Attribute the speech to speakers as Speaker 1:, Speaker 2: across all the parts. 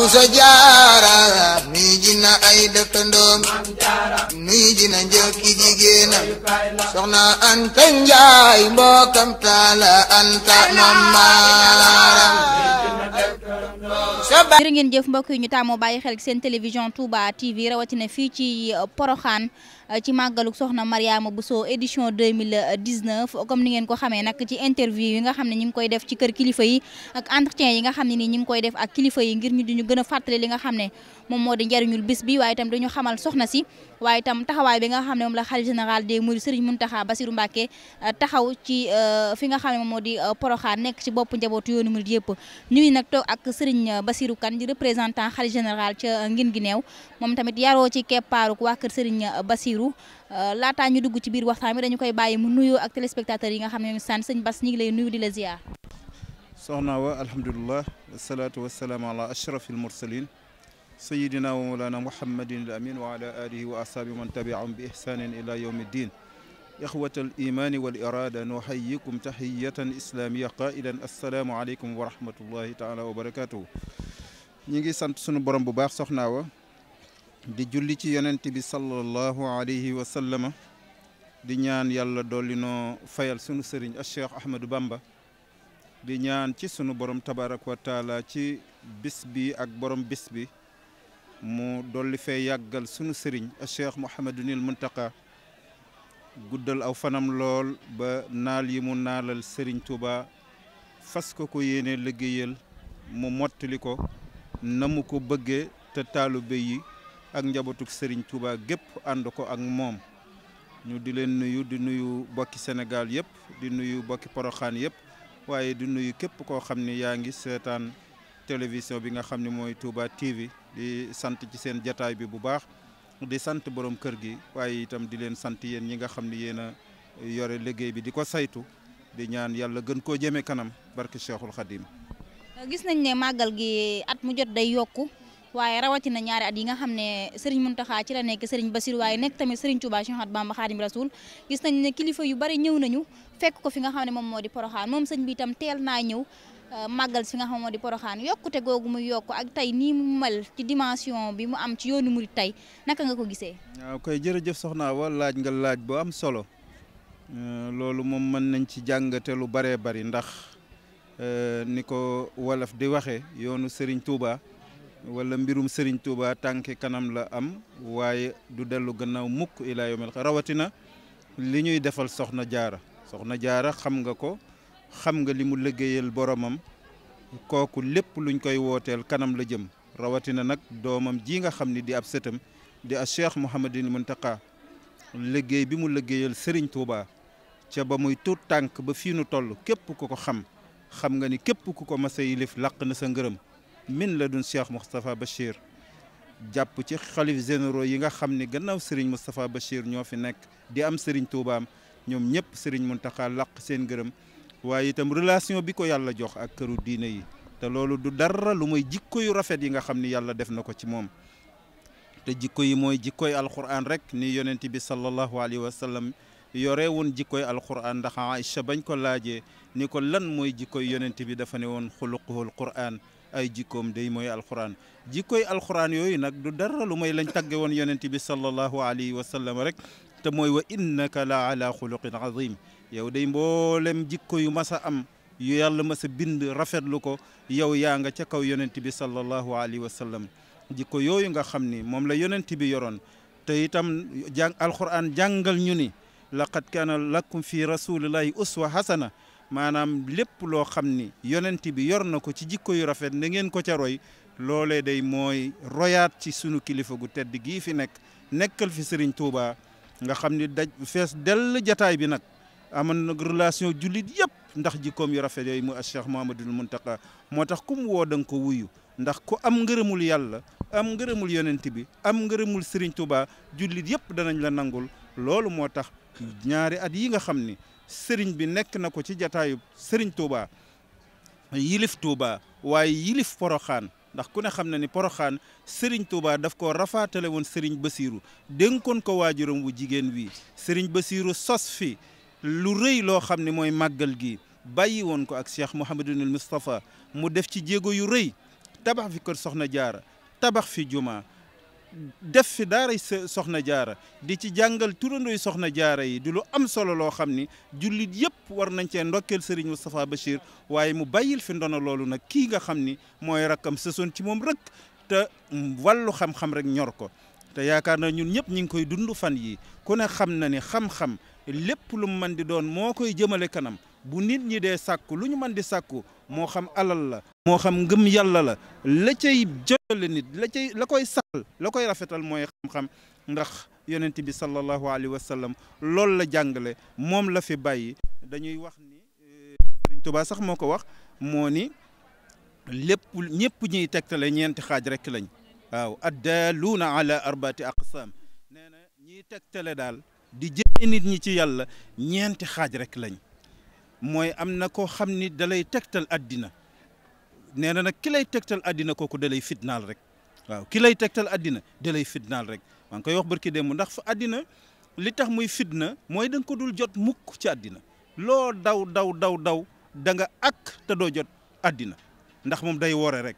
Speaker 1: bu jaara nuy na ay dëkkandoom nuy ji na njëkki Anta Njaay mbokkam taala Anta mamaaram jërë ngeen jëf mbokk yi ñu taamoo bàyyi xel seen TV rawatina fii ci euh, ci màggaluk soxna Mariama Bousso édition 2019 comme ni ngeen ko xamee nag ci interview yi nga xam ne ñi ngi koy def ci kër kilifa yi ak entretien yi nga xam ne nii ñi ngi koy def ak kilifa yi ngir ñu di ñu gën a fàttali li nga xam ne moom moo di njariñul bis bi waaye itam dañu xamal soxna si waaye itam taxawaay bi nga xam ne moom la xalifa général des mourides Serigne Mountakha Bassirou Mbacké euh, taxaw ci euh, fi nga xam ne moom moo di euh, Porokhane nekk ci bopp njaboot yoonu murid yëpp ñuy nag toog ak Serigne Bassirou Kane di représentant xalifa général ca ngin gi neew moom tamit yaroo ci keppaaruk Bassirou euh, laataa ñu dugg ci biir waxtaan bi dañu koy bàyyi mu nuyoo ak téléspectateurs yi nga xam ne ñu sant sëñ Bass lay nuyu di la ziar.
Speaker 2: soxna wa alhamdulilah wasalaatu wasalaam ala ashrafil mursalin wa mawlana muhammadin al amin wa ala alihi wa ashaabi man tabiahum bi ihsanin ila yawmi ddin ixwata al imani wal irada nuhayikum tahiyatan islamiya qailan assalaamu aleykum wa rahmatullahi taala wa barakatuhu ñi ngi sant sunu borom bu baax soxna wa di julli ci yonent bi sallallahu alayhi wa di ñaan yàlla dolli noo fayal sunu sëriñ a Cheikh Ahmadou Bamba di ñaan ci sunu borom tabarak wa ci bis bi ak borom bis bi mu dolli fee yàggal sunu sëriñ a ni Mouhamadunil Muntaqa guddal aw fanam lool ba naal yi mu naalal sëriñ Touba fas ko ko yéene liggéeyal mu mottali ko na mu ko bëggee te taalube yi ak njabootuk Serigne Touba gépp ànd ko ak moom ñu di leen nuyu di nuyu bokki Sénégal yëpp di nuyu bokki Poroxaan yëpp waaye di nuyu képp koo xam ne yaa ngi seetaan télévision bi nga xam ne mooy Touba TV di sant ci seen jataay bi bu baax di sant borom kër gi waaye itam di leen sant yéen ñi nga xam ni yéen a yore liggéey bi di ko saytu di ñaan yàlla gën koo jëmee kanam barke Cheikhul Khadim.
Speaker 1: gis nañ ne màggal gi at mu jot day yokku. waaye rawatina ñaari at yi nga xam ne mun Mountakha ci la nekk Serigne Bassirou waaye nekk tamit Serigne Touba Cheikh Ahmadou Bamba Khadim Rasoul gis nañ ne kilifa yu bari ñëw nañu fekk ko fi nga xam ne moom moo di Porokhane moom sëñ bi itam teel naa ñëw euh, màggal fi nga xam moo di Porokhane yokkute googu muy yokk ak tey nii mu mel ci dimension bi mu am ci yoonu murid tey naka nga ko gisee.
Speaker 2: waaw koy jërëjëf soxna wa laaj nga laaj bu am solo euh, loolu moom mën nañ ci jàngate lu baree bari ndax euh, ni ko wolof di waxee yoonu Serigne Touba. wala mbirum Serigne Touba tànki kanam la am waaye du dellu gannaaw mukk ilaa yawmil rawatina li ñuy defal soxna jaara soxna jaara xam nga ko xam nga li mu liggéeyal boromam kooku lépp luñ koy wooteel kanam la jëm rawatina nag doomam ji nga xam ni di ab sëtam di a Cheikh Mouhamadin Mountakha liggéey bi mu liggéeyal Serigne Touba ca ba muy tuut tànk ba fii nu toll képp ku ko xam xam nga ni képp ku ko mas a yilif làq na sa ngërëm min la dun Cheikh Moustapha Bachir jàpp ci xalif généraux yi nga xam ne gannaaw sëriñ Moustapha Bachir ñoo fi nekk di am sëriñ Toubaam ñoom ñëpp sëriñ Mountakha làq seen gërëm waaye itam relation bi ko yàlla jox ak këru diine yi te loolu du dara lu mooy jikko yu rafet yi nga xam ni yàlla def na ko ci moom te jikko yi mooy jikkoy alquran rek ni yonent bi sallallahu alayhi wa yore woon jikkoy alquran ndax Aïcha bañ ko laaje ni ko lan mooy jikkoy yonent bi dafa ne ay jikkoom day mooy alxuraan jikkooy alxuraan yooyu nag du dara lu mooy lañ tagge woon yonent bi sallallahu alayhi wa sallam rek te mooy wa innaka la ala xuluqin azim yow day mboolem jikko yu mas a am yu yàlla mas a bind rafetlu ko yow yaa nga ca kaw yonent bi sallallahu alayhi wa sallam jikko yooyu nga xam ni moom la yonent bi yoroon te itam jàng alxuraan jàngal ñu ni laqad kaana lakum fi rasulillahi uswa hasana maanaam lépp loo xam ni yonent bi yor na ko ci jikko yu rafet na ngeen ko ca roy loolee day mooy royaat ci sunu kilifa gu tedd gi fi nekk nekkal fi Serigne Touba nga xam ni daj fees dell jataay bi nag amoon nag relation jullit yëpp ndax jikkoom yu rafet yooyu mu a Cheikh Mouhamadoul Mountakha moo tax ku mu woo da nga ko wuyu ndax ko am ngërëmul yàlla am ngërëmul yonent bi am ngërëmul Serigne Touba jullit yëpp danañ la nangul loolu moo tax ñaari at yi nga xam ni sëriñ bi nekk na ko ci jataayu sëriñ Touba yilif Touba waaye yilif Poroxaan ndax ku ne xam na ni Poroxaan sëriñ Touba daf ko rafaatale woon sëriñ Basiiru kon ko waajuram wu jigéen wi sëriñ Basiiru sos fi lu rëy loo xam ne mooy màggal gi bàyyi woon ko ak Cheikh Mouhamadunil Moustapha mu def ci jéego yu rëy tabax fi ko Soxna Jaara tabax fi juma def fi daaray soxna jaara di ci jàngal turandooy soxna jaara yi di lu am solo loo xam ni jullit yëpp war nañ cee ndokkeel sëriñ Moustapha Bachir waaye mu bàyyil fi ndono loolu nag kii nga xam ni mooy rakkam sësoon ci moom rek te wàllu xam-xam rek ñor ko te yaakaar na ñun ñëpp ñu ngi koy dund fan yi ku ne xam na ni xam-xam lépp lu mu mën di doon moo koy jëmale kanam bu nit ñi dee sàkku lu ñu man di sàkku moo xam alal la moo xam ngëm yàlla la la cay jotale nit la cay la koy saxal la koy rafetal mooy xam-xam ndax yonent bi sallallahu alayhi wa sallam loolu la jàngale moom la fi bàyyi dañuy wax ni euh, Sëriñ Tuubaa sax moo ko wax moo ni lépp ñëpp ñuy tegtale ñeenti xaaj rek lañ waaw addaaluuna ala arbaati aqsaam nee na ñiy tegtale daal di jëmee nit ñi ci yàlla ñeenti xaaj rek lañ mooy am na koo xam ni dalay tegtal àddina nee na nag ki lay tegtal àddina kooku dalay fitnaal rek waaw ki lay tegtal àddina dalay fitnaal rek maa ngi koy wax barki démb ndax fa àddina li tax muy fitna mooy da ko dul jot mukk ci àddina loo daw daw daw daw da nga ak te doo jot àddina ndax moom day wore rek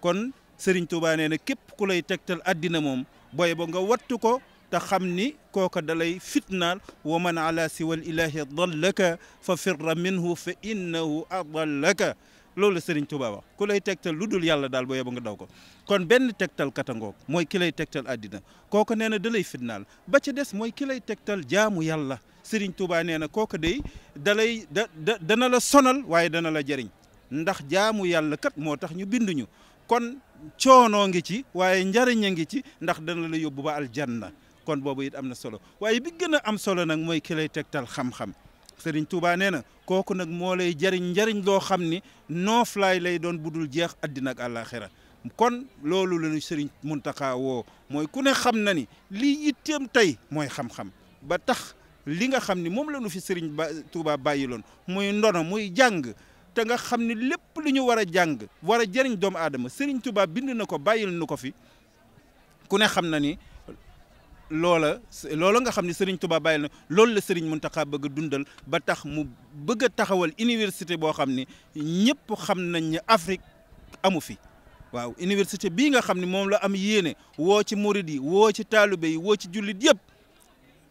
Speaker 2: kon Serigne Touba nee na képp ku lay tegtal àddina moom booy ba nga wattu ko te xam ni kooka dalay fitnaal wa man ala siwal ilahi dallaka fa firra minhu fa innahu adallaka loolu la Serigne Touba wax ku lay tegtal lu dul yàlla daal boo yeboo nga daw ko kon benn tegtal katangoog mooy ki lay tegtal àddina kooka nee na dalay fitnaal ba ca des mooy ki tegtal jaamu yalla Serigne Touba nee na kooka day dalay da da dana la sonal waaye dana la jariñ ndax jaamu yàlla kat moo tax ñu binduñu kon coonoo ngi ci waaye njariñ ngi ci ndax da la yóbbu ba aljanna kon boobu it am na solo waaye bi gën a am solo nag mooy ki lay tegtal xam-xam Serigne Touba nee na kooku nag moo lay jariñ njariñ loo xam ni nooflaay lay lay doon budul jeex addina ak àllaaxira kon loolu la ñu Serigne Mountakha woo mooy ku ne xam na ni lii yitteem tey mooy xam-xam ba tax li nga xam ni moom la ñu fi Serigne ba Touba bàyyiloon muy ndono muy jàng. te nga xam ni lépp lu ñu war a jàng war a jëriñ doomu aadama Serigne Touba bind na ko bàyyil nu ko fi ku ne xam na ni loola loola nga xam ne Serigne Touba bàyyil na loolu la Serigne Mountakha bëgg a dundal ba tax mu bëgg a taxawal université boo xam ne ñëpp xam nañ ne Afrique amu fi waaw université bii nga xam ne moom la am yéene woo ci murid yi woo ci taalibe yi woo ci jullit yëpp.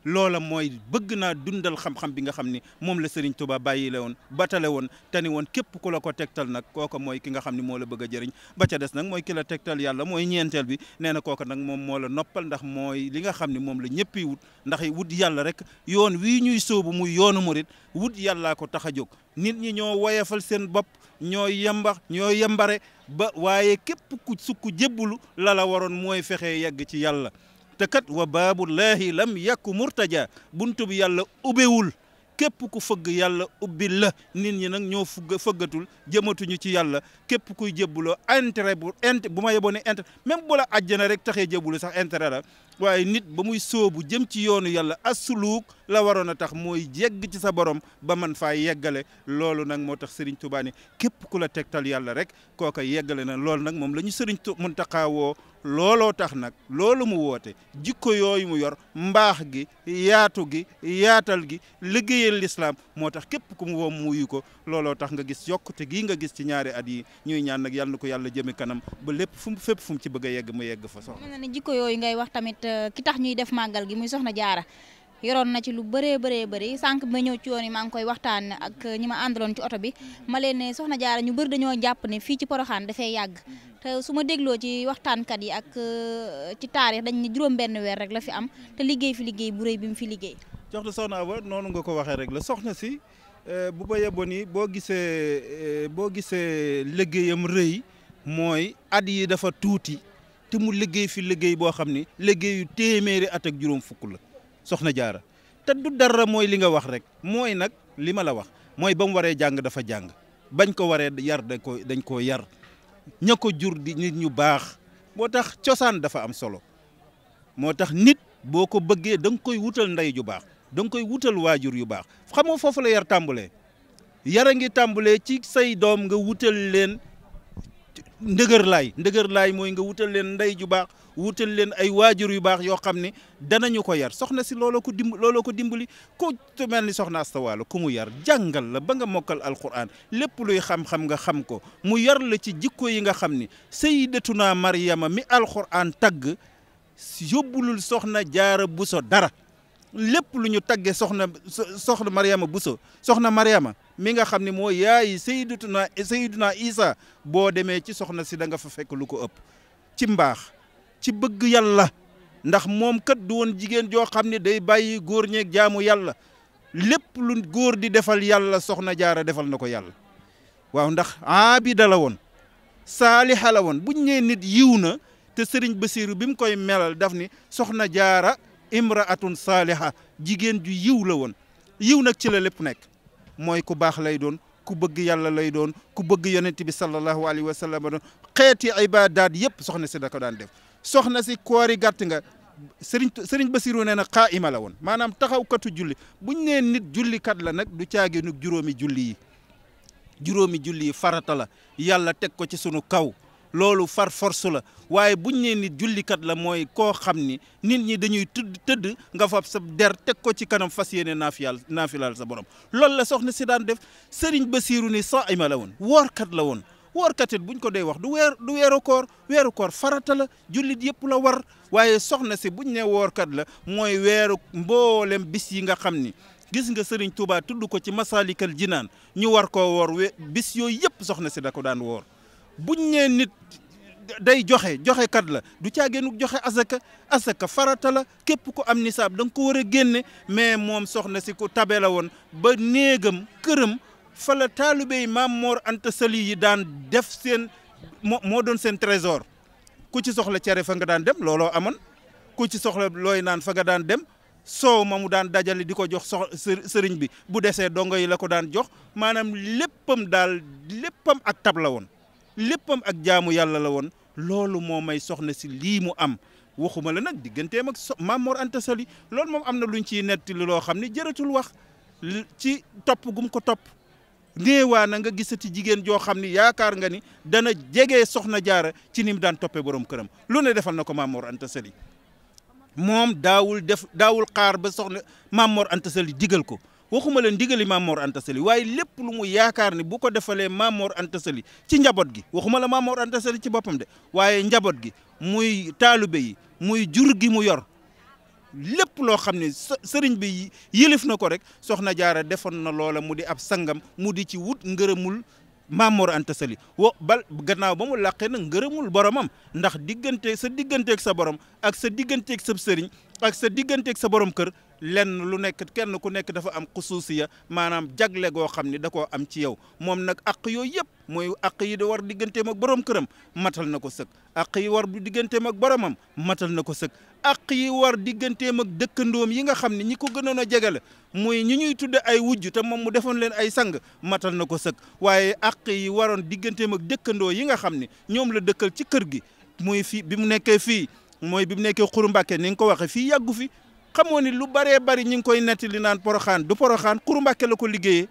Speaker 2: loola mooy bëgg naa dundal xam-xam bi nga xam ni moom la Serigne Touba bàyyi la woon batale woon te ni woon képp ku la ko tegtal nag kooka mooy ki nga xam ni moo la bëgg a jëriñ ba ca des nag mooy ki tegtal yàlla mooy ñeenteel bi nee na kooka nag moom moo la noppal ndax mooy li nga xam ni moom la ñëpp wut ndax wut yàlla rek yoon wii ñuy sóobu muy yoonu murit wut yàllaa ko tax a jóg nit ñi ñoo woyefal seen bopp ñoo yembax ñoo yembare ba waaye képp ku sukk jébbulu la waroon mooy fexe yegg ci yàlla te kat wa baabullaahi lam yakku murtaja buntu bi yàlla ubbewul képp ku fëgg yàlla ubbil la nit ñi nag ñoo fugg fëggatul jëmatuñu ci yàlla képp kuy jébbuloo intérêt bu int bu ma yeboo ne intérêt même bu la àjjana rek taxee jébbulu sax intérêt la waaye nit ba muy sóobu jëm ci yoonu yàlla asuluuk la waroon a tax mooy yegg ci sa borom ba man faa yeggale loolu nag moo tax Serigne Touba képp ku la tegtal yàlla rek kooka yeggale na loolu nag moom la ñu Serigne Mountakha woo looloo tax nag loolu mu woote jikko yooyu mu yor mbaax gi yaatu gi yaatal gi liggéeyal lislaam moo tax képp ku mu woo mu wuyu ko looloo tax nga gis yokkute gii nga gis ci ñaari at yi ñuy ñaan nag yàlla na ko yàlla jëme kanam ba lépp fu mu fépp fu ci bëgg a yegg mu yegg fa
Speaker 1: ki tax ñuy def màggal gi muy soxna jaara yoroon na ci lu bëree bëree bëri sànq ma ñëw ci yoon yi maa ngi koy waxtaan ak ñi ma àndaloon ci oto bi ma leen ne soxna jaara ñu bëri dañoo jàpp ne fii ci poroxaan dafay yàgg te su ma dégloo ci waxtaankat yi ak euh, ci taarix dañ ne juróom benn weer rek la fi am te liggéey fi liggéey bu rëy bi mu fi liggéey
Speaker 2: jox du soxna Awa noonu nga ko waxee rek la soxna si euh, bu ba yeboo ni boo gisee euh, boo gisee liggéeyam rëy mooy at yi dafa tuuti te mu liggéey fi liggéey boo xam ni liggéeyu téeméeri at ak juróom fukk la soxna jaara te dara mooy li nga wax rek mooy nag li ma la wax mooy ba mu waree jàng dafa jàng bañ ko waree yar da ko dañ koo yar ña jur di nit ñu baax moo tax cosaan dafa am solo moo tax nit boo ko bëggee da nga koy wutal ndey ju baax da nga koy wutal waajur yu baax xam nga foofu la yar tàmbalee yara ngi tàmbalee ci say doom nga wutal leen ndëgër laay ndëgër laay mooy nga wutal leen ndey ju baax wutal leen ay waajur yu baax yoo xam ne danañu ko yar soxna si looloo ko dimb ko dimbali ku mel ni soxna Asta Walo ku mu yar jàngal la ba nga mokkal alquran lépp luy xam-xam nga xam ko mu yar la ci jikko yi nga xam ni ne sayyidatuna Maryama mi alquran tagg yóbbulul soxna jaara bu so dara lépp lu ñu taggee soxna soxna bu so soxna Mariama mi nga xam ne moo yaay Seydutuna Seyduna Isa boo demee ci soxna si danga fa fekk lu ko ëpp ci mbaax ci bëgg yàlla ndax moom kat du woon jigéen joo xam ne day bàyyi góor ñeeg jaamu yàlla lépp lu góor di defal yàlla soxna jaara defal na ko yàlla waaw ndax aabida la woon saaliha la woon buñ nee nit yiw na te sëriñ Basiiru bi mu koy melal daf ni soxna jaara imraatun saaliha jigéen ju yiw la woon yiw nag cila la nekk mooy ku baax lay doon ku bëgg yàlla lay doon ku bëgg yonent bi sallallahu alayhi wa sallam doon xeeti ibadaat yëpp soxna si da ko daan def soxna si koori gàtt nga sëriñ sëriñ Basiru nee na la woon maanaam taxaw katu julli buñ nee nit jullikat la nag du caaginu juróomi julli yi juróomi julli yi farata la yàlla teg ko ci sunu kaw loolu far force la waaye buñ nee nit jullikat la mooy koo xam ni nit ñi dañuy tudd tëdd nga fab sa der teg ko ci kanam fas yéene naafiyaal naafilaal sa borom loolu la soxna si daan def sëriñ Basiiru ni saa'ima la woon kat la woon woorkat it buñ ko dee wax du weer du weeru koor weeru koor farata la jullit yëpp la war waaye soxna si buñ woor kat la mooy weeru mboolem bis yi nga xam ni gis nga sëriñ Touba tudd ko ci Masaalikal Jinaan ñu war koo woor bis yooyu yëpp soxna si da ko daan woor buñ nee nit day joxe joxe kat la du caagéenu joxe asaka asaka farata la képp ku am nisaab da nga ko war a génne mais moom soxna si ko tabe la woon ba néegam këram fa la taalibey maam Mor Anta Sali yi daan def seen moo moo doon seen trésor ku ci soxla cere fa nga daan dem looloo amoon ku ci soxla looy naan fa nga daan dem soow ma mu daan dajale di ko jox sox sëriñ bi bu desee dongo yi la ko daan jox maanaam léppam daal léppam ak tab la woon léppam ak jaamu yàlla la woon loolu moo may soxna si lii mu am waxuma la nag digganteem ak so Maam Mor Anta loolu moom am na luñ ciy nettali loo xam ne jëratul wax ci topp gum ko topp néewaa na nga gisati jigéen joo xam ni yaakaar nga ni dana jege soxna jaara ci ni mu daan toppee borom këram lu ne defal na ko Maam Mor Anta moom daawul def daawul xaar ba soxna Maam Mor Anta digal ko waxuma la ndigali Maam Mor Anta waaye lépp lu mu yaakaar ni bu ko defalee Maam Mor Anta ci njaboot gi waxuma la Maam Mor ci boppam de waaye njaboot gi muy taalu yi muy jur gi mu yor lépp loo xam ne sëriñ bi yilif na ko rek soxna jaara defoon na loola mu di ab sangam mu di ci wut ngërëmul Maam Mor Anta Sali wo bal gannaaw ba mu làqee na ngërëmul boromam ndax diggante sa digganteeg sa borom ak sa digganteeg sa sëriñ ak sa digganteeg sa borom kër lenn lu nekk kenn ku nekk dafa am xusuusiya maanaam jagle goo xam ni dakoo am ci yow moom nag àq yooyu yëpp mooy àq yi di war digganteem mag borom këram matal na ko sëkk àq yi war digganteem ak boromam matal na ko sëkk àq yi war digganteem ak dëkkandoom yi nga xam ne ñi ko gënoon a jege la ñi ñuy tudde ay wujj te moom mu defoon leen ay sang matal na ko sëkk waaye àq yi waroon diggante mag dëkkandoo yi nga xam ni ñoom la dëkkal ci kër gi muy fii bi mu nekkee fii mooy bi mu nekkee Xuru Mbàkke ni nga ko waxee fii yàggu fi xamoo ni lu baree bari ñi ngi koy nettali naan xaan du poroxaan xuru mbàkke la ko liggéeyee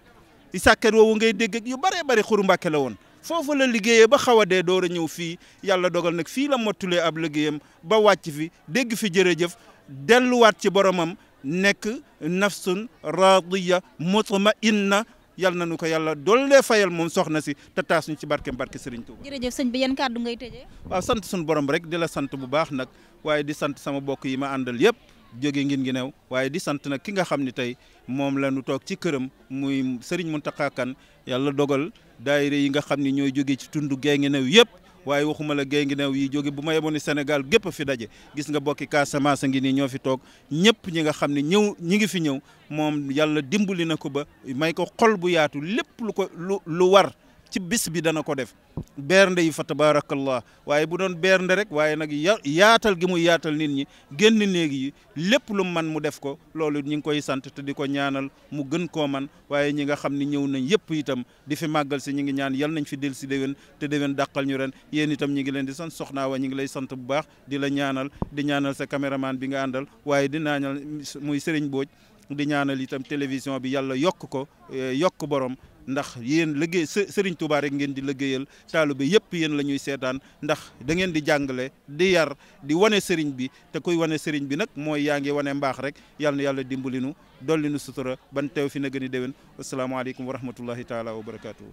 Speaker 2: i sàkket woowu ngay dégg ak yu baree bari xuru mbàkke la woon foofu la liggéeyee ba xaw a dee door a ñëw fii yàlla dogal nag fii la mottulee ab liggéeyam ba wàcc fi dégg fi jërëjëf delluwaat ci mam nekk nafsun radiya mutmainna yal na nu ko yàlla dollee fayal moom soxna si te taas ci barke barke Serigne Touba.
Speaker 1: jërëjëf sëñ bi yan kàddu ngay tëjee.
Speaker 2: waaw sant suñu borom rek di la sant bu baax nag waaye di sant sama bokk yi ma àndal yëpp. jóge ngin gi new waaye di sant nag ki nga xam ni tey moom la ñu toog ci këram muy Serigne Mountakha Kane yàlla dogal daayira yi nga xam ni ñooy jóge ci tund gay ngi new yëpp waaye waxuma la gee ngi new yi jóge bu ma yemoon ni Sénégal gépp fi daje gis nga bokki Casamance ngi nii ñoo fi toog ñëpp ñi nga xam ne ñëw ñi ngi fi ñëw moom yàlla dimbali na ko ba may ko xol bu yaatu lépp lu ko lu lu war ci bis bi dana ko def bernde yi fa tabaarakallah waaye bu doon bernde rek waaye nag ya yaatal gi muy yaatal nit ñi génn néeg yi lépp lu man mu def ko loolu ñu ngi koy sant te di ko ñaanal mu gën koo man waaye ñi nga xam ni ñëw nañ yëpp itam di fi màggal si ñi ngi ñaan yal nañ fi del si déwén te déwén dàqal ñu ren yéen itam ñi ngi leen di sant soxnaa wa ñi ngi lay sant bu baax di la ñaanal di ñaanal sa caméraman bi nga àndal waaye di ñaanal muy Serigne Booj di ñaanal itam télévision bi yàlla yokk ko eh, yokk borom ndax yéen liggéey Serigne Touba rek ngeen di liggéeyal taalibe yëpp yéen la ñuy seetaan ndax da ngeen di jàngale di yar di wane Serigne bi te koy wane Serigne bi nag mooy yaa ngi wane mbaax rek yàlla na yàlla dimbali nu dolli nu sutura ban fi na gën dewen déwén asalaamaaleykum wa rahmatullahi taala wa barakaatu.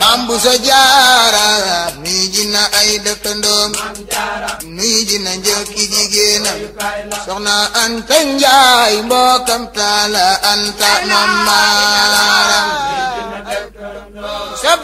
Speaker 1: maam bu sa jaara nuy na ay dëkkandoom nuy ji na njëkki jigéenam soxna anta njaay mbokkam taala anta maam maaram